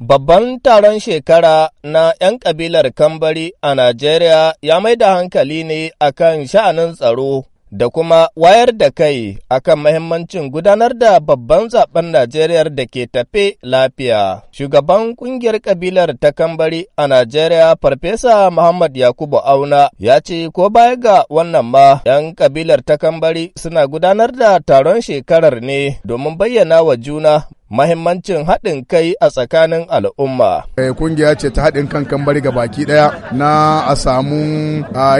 Babban taron shekara na ‘yan kabilar Kambari a Najeriya ya mai da hankali ne a kan sha'anin tsaro da kuma wayar da kai a kan mahimmancin gudanar da babban zaben Najeriya da ke tafe lafiya. Shugaban ƙungiyar kabilar ta Kambari a Najeriya Farfesa Muhammad Yakubu Auna ya ce ko baya ga wannan ma 'yan kabilar ta Kambari suna gudanar da taron shekarar ne domin bayyana wa juna mahimmancin haɗin kai a tsakanin al'umma. Eh, kungiya ce ta haɗin kan kambari ga baki ɗaya na a samu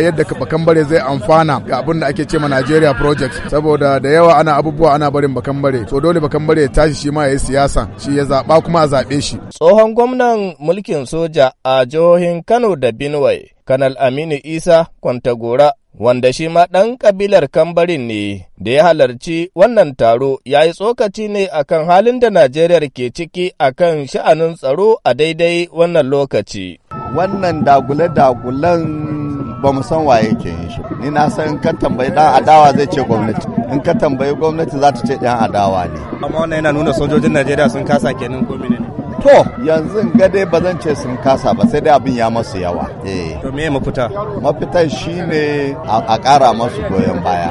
yadda kambare zai amfana ga abin da ake ce ma Nigeria Project saboda da yawa ana abubuwa ana barin bakambare so dole bakambare ya tashi shi ma ya yi siyasa shi ya zaɓa kuma a zaɓe shi. Tsohon gwamnan mulkin soja a jihohin Kano da Benue, Kanal Aminu Isa Kwantagora wanda shi ma ɗan ƙabilar kambarin ne da ya halarci wannan taro ya yi tsokaci ne akan halin da Najeriya ke ciki akan sha'anin tsaro a daidai wannan lokaci. Wannan dagule-dagulen ba mu san waye ke yin shi. Ni na san in ka tambayi ɗan adawa zai ce gwamnati. In ka tambayi gwamnati za ta ce ɗan adawa ne. Amma wannan yana nuna sojojin Najeriya sun kasa kenan ko menene? To yanzu ga ba zan ce sun kasa ba sai dai abin ya masu yawa. Eh. To me mafita? shine a ƙara masu goyon baya,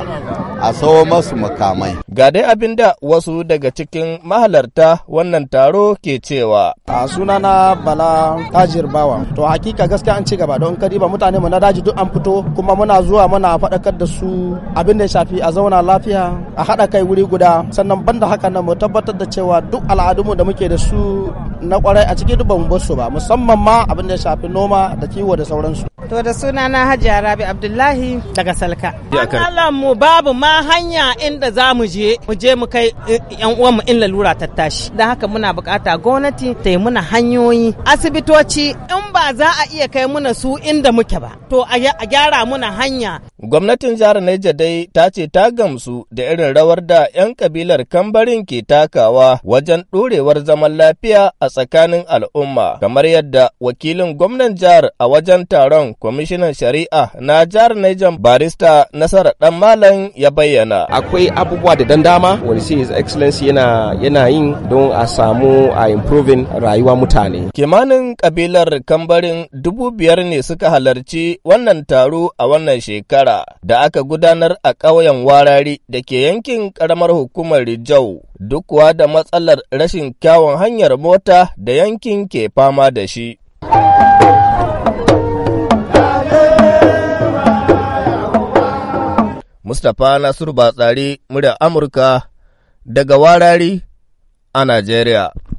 a sawo masu makamai. Ga dai abin da wasu daga cikin mahalarta wannan taro ke cewa. A sunana Bala Tajir Bawa. To hakika gaskiya an ci gaba don kadi ba mutane mu na daji duk an fito kuma muna zuwa muna faɗakar da su abin da ya shafi a zauna lafiya a haɗa kai wuri guda sannan banda haka nan mu tabbatar da cewa duk al'adunmu da muke da su na kwarai a cikin dubban ba mu ba musamman ma abin da shafi noma da kiwo da sauransu to da suna na hajiya rabi abdullahi daga salka Allah mu babu ma hanya inda za mu je mu je mu kai eh, yan uwan mu in lalura ta tashi da haka muna bukata gwamnati ta yi muna hanyoyi asibitoci in ba za a iya kai muna su inda muke ba to a gyara muna hanya gwamnatin jihar Niger dai ta ce ta gamsu da irin rawar da 'yan kabilar kambarin ke takawa wajen ɗorewar zaman lafiya a tsakanin al'umma kamar yadda wakilin gwamnan jihar a wajen taron kwamishinan shari'a na jihar Niger barista Nasara Dan Malam ya bayyana akwai abubuwa da dandama, dama wani sai his excellency yana yin don a samu a improving rayuwa mutane kimanin kabilar kambarin barin dubu biyar ne suka halarci wannan taro a wannan shekara da aka gudanar a ƙauyen warari da ke yankin ƙaramar hukumar Rijau, duk kuwa da matsalar rashin kyawun hanyar mota da yankin ke fama da shi. Mustapha Nasiru Batsari, murya Amurka, daga warari a Najeriya.